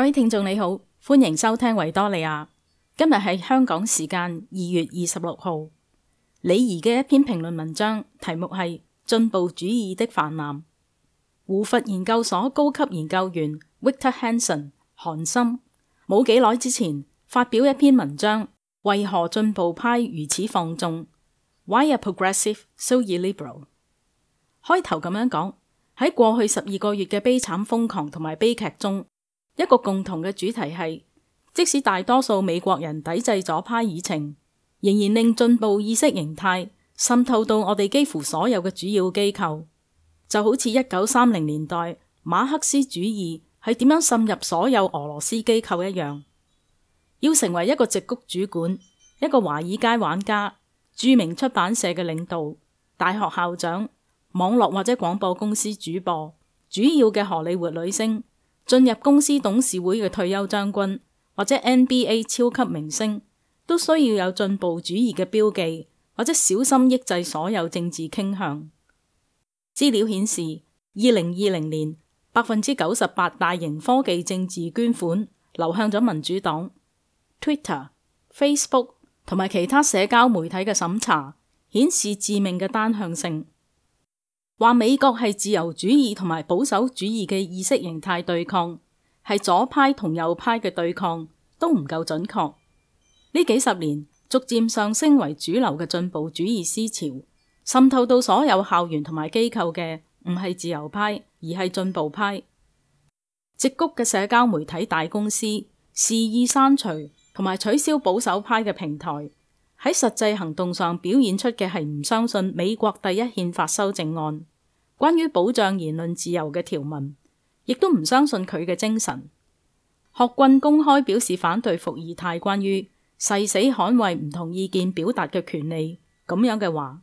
各位聽眾你好，歡迎收聽維多利亞。今日係香港時間二月二十六號，李怡嘅一篇評論文章，題目係進步主義的氾濫。胡佛研究所高級研究員 Victor Hanson 韓森，冇幾耐之前發表一篇文章，為何進步派如此放縱？Why are progressives so illiberal？開頭咁樣講，喺過去十二個月嘅悲慘、瘋狂同埋悲劇中。一個共同嘅主題係，即使大多數美國人抵制左派議程，仍然令進步意識形態滲透到我哋幾乎所有嘅主要機構，就好似一九三零年代馬克思主義係點樣滲入所有俄羅斯機構一樣。要成為一個矽谷主管、一個華爾街玩家、著名出版社嘅領導、大學校長、網絡或者廣播公司主播、主要嘅荷里活女星，進入公司董事會嘅退休將軍或者 NBA 超級明星，都需要有進步主義嘅標記，或者小心抑制所有政治傾向。資料顯示，二零二零年百分之九十八大型科技政治捐款流向咗民主黨。Twitter、Facebook 同埋其他社交媒體嘅審查顯示致命嘅單向性。話美國係自由主義同埋保守主義嘅意識形態對抗，係左派同右派嘅對抗，都唔夠準確。呢幾十年逐漸上升為主流嘅進步主義思潮，滲透到所有校園同埋機構嘅，唔係自由派，而係進步派。矽谷嘅社交媒體大公司肆意刪除同埋取消保守派嘅平台。喺實際行動上表現出嘅係唔相信美國第一憲法修正案關於保障言論自由嘅條文，亦都唔相信佢嘅精神。學棍公開表示反對伏爾泰關於誓死捍衛唔同意見表達嘅權利咁樣嘅話。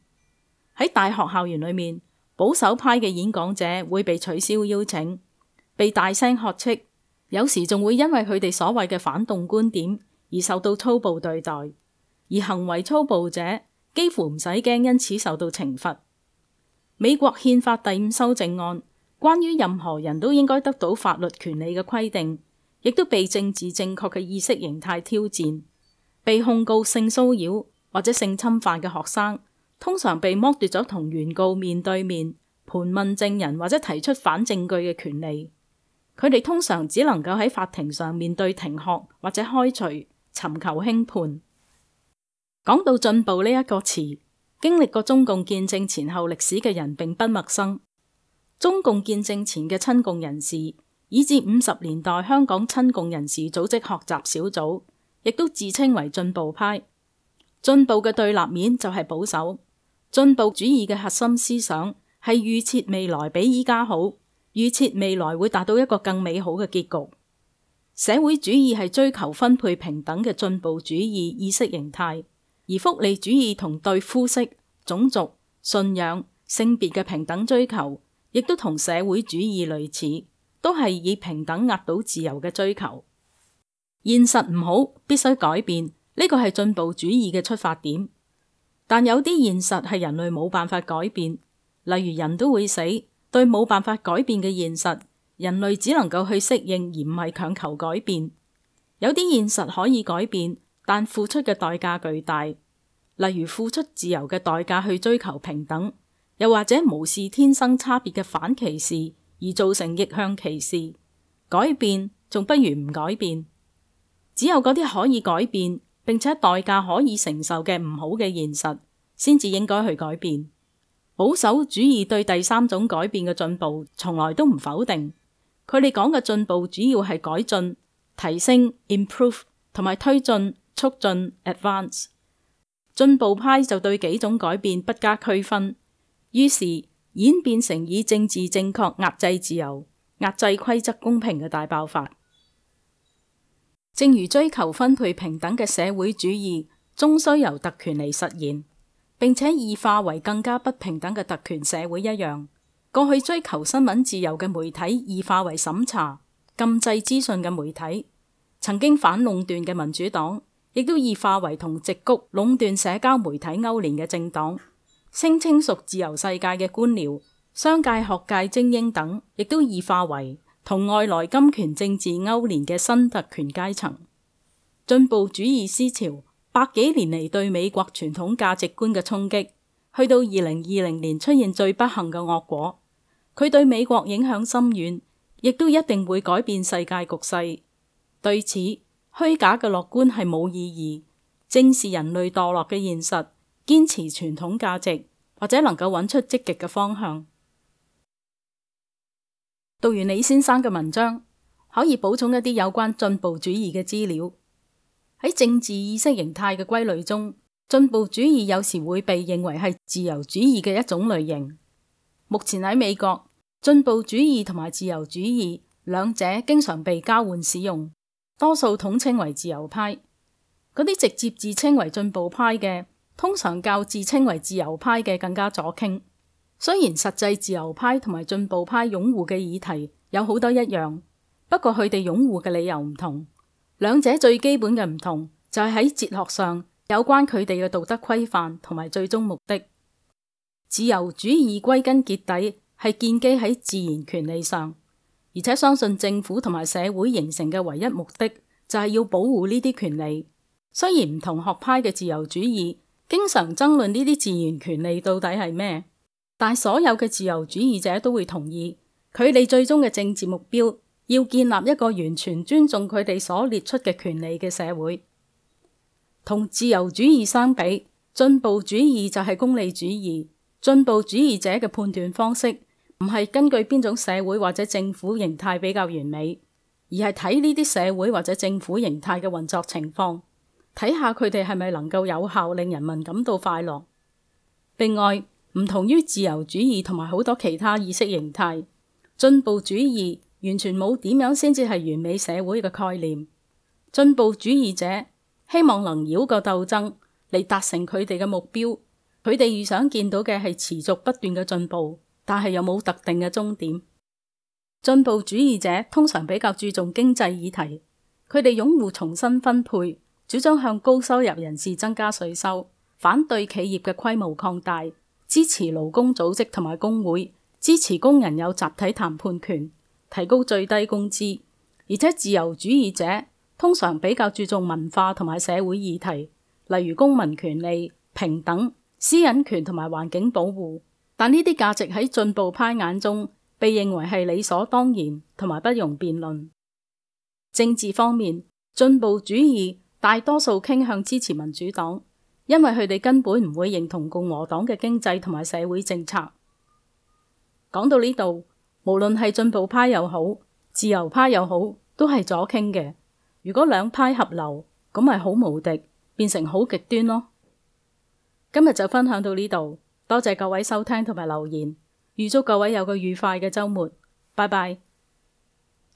喺大學校園裏面保守派嘅演講者會被取消邀請，被大聲喝斥，有時仲會因為佢哋所謂嘅反動觀點而受到粗暴對待。而行為粗暴者幾乎唔使驚，因此受到懲罰。美國憲法第五修正案關於任何人都應該得到法律權利嘅規定，亦都被政治正確嘅意識形態挑戰。被控告性騷擾或者性侵犯嘅學生，通常被剝奪咗同原告面對面盤問證人或者提出反證據嘅權利。佢哋通常只能夠喺法庭上面對停學或者開除，尋求輕判。講到進步呢一個詞，經歷過中共建政前後歷史嘅人並不陌生。中共建政前嘅親共人士，以至五十年代香港親共人士組織學習小組，亦都自稱為進步派。進步嘅對立面就係保守。進步主義嘅核心思想係預設未來比依家好，預設未來會達到一個更美好嘅結局。社會主義係追求分配平等嘅進步主義意識形態。而福利主義同對膚色、種族、信仰、性別嘅平等追求，亦都同社會主義類似，都係以平等壓倒自由嘅追求。現實唔好，必須改變，呢個係進步主義嘅出發點。但有啲現實係人類冇辦法改變，例如人都會死。對冇辦法改變嘅現實，人類只能夠去適應，而唔係強求改變。有啲現實可以改變，但付出嘅代價巨大。例如付出自由嘅代價去追求平等，又或者無視天生差別嘅反歧視而造成逆向歧視，改變仲不如唔改變。只有嗰啲可以改變並且代價可以承受嘅唔好嘅現實，先至應該去改變。保守主義對第三種改變嘅進步，從來都唔否定。佢哋講嘅進步，主要係改進、提升、improve，同埋推進、促進、advance。進步派就對幾種改變不加區分，於是演變成以政治正確壓制自由、壓制規則公平嘅大爆發。正如追求分配平等嘅社會主義終須由特權嚟實現，並且異化為更加不平等嘅特權社會一樣，過去追求新聞自由嘅媒體異化為審查、禁制資訊嘅媒體，曾經反壟斷嘅民主黨。亦都異化為同矽谷壟斷社交媒體勾連嘅政黨，聲稱屬自由世界嘅官僚、商界、學界精英等，亦都異化為同外來金權政治勾連嘅新特權階層。進步主義思潮百幾年嚟對美國傳統價值觀嘅衝擊，去到二零二零年出現最不幸嘅惡果。佢對美國影響深遠，亦都一定會改變世界局勢。對此。虛假嘅樂觀係冇意義，正視人類墮落嘅現實。堅持傳統價值或者能夠搵出積極嘅方向。讀完李先生嘅文章，可以補充一啲有關進步主義嘅資料。喺政治意識形態嘅歸類中，進步主義有時會被認為係自由主義嘅一種類型。目前喺美國，進步主義同埋自由主義兩者經常被交換使用。多數統稱為自由派，嗰啲直接自稱為進步派嘅，通常較自稱為自由派嘅更加左傾。雖然實際自由派同埋進步派擁護嘅議題有好多一樣，不過佢哋擁護嘅理由唔同。兩者最基本嘅唔同就係喺哲學上有關佢哋嘅道德規範同埋最終目的。自由主義歸根結底係建基喺自然權利上。而且相信政府同埋社會形成嘅唯一目的，就係要保護呢啲權利。雖然唔同學派嘅自由主義經常爭論呢啲自然權利到底係咩，但所有嘅自由主義者都會同意，佢哋最終嘅政治目標要建立一個完全尊重佢哋所列出嘅權利嘅社會。同自由主義相比，進步主義就係功利主義。進步主義者嘅判斷方式，唔係根據邊種社會或者政府形態比較完美，而係睇呢啲社會或者政府形態嘅運作情況，睇下佢哋係咪能夠有效令人民感到快樂。另外，唔同於自由主義同埋好多其他意識形態，進步主義完全冇點樣先至係完美社會嘅概念。進步主義者希望能繞過鬥爭嚟達成佢哋嘅目標，佢哋預想見到嘅係持續不斷嘅進步。但係又冇特定嘅終點。進步主義者通常比較注重經濟議題，佢哋擁護重新分配，主張向高收入人士增加稅收，反對企業嘅規模擴大，支持勞工組織同埋工會，支持工人有集體談判權，提高最低工資。而且自由主義者通常比較注重文化同埋社會議題，例如公民權利、平等、私隱權同埋環境保護。但呢啲價值喺進步派眼中被認為係理所當然，同埋不容辯論。政治方面，進步主義大多數傾向支持民主黨，因為佢哋根本唔會認同共和黨嘅經濟同埋社會政策。講到呢度，無論係進步派又好，自由派又好，都係左傾嘅。如果兩派合流，咁咪好無敵，變成好極端咯。今日就分享到呢度。多謝各位收聽同埋留言，預祝各位有個愉快嘅周末，拜拜。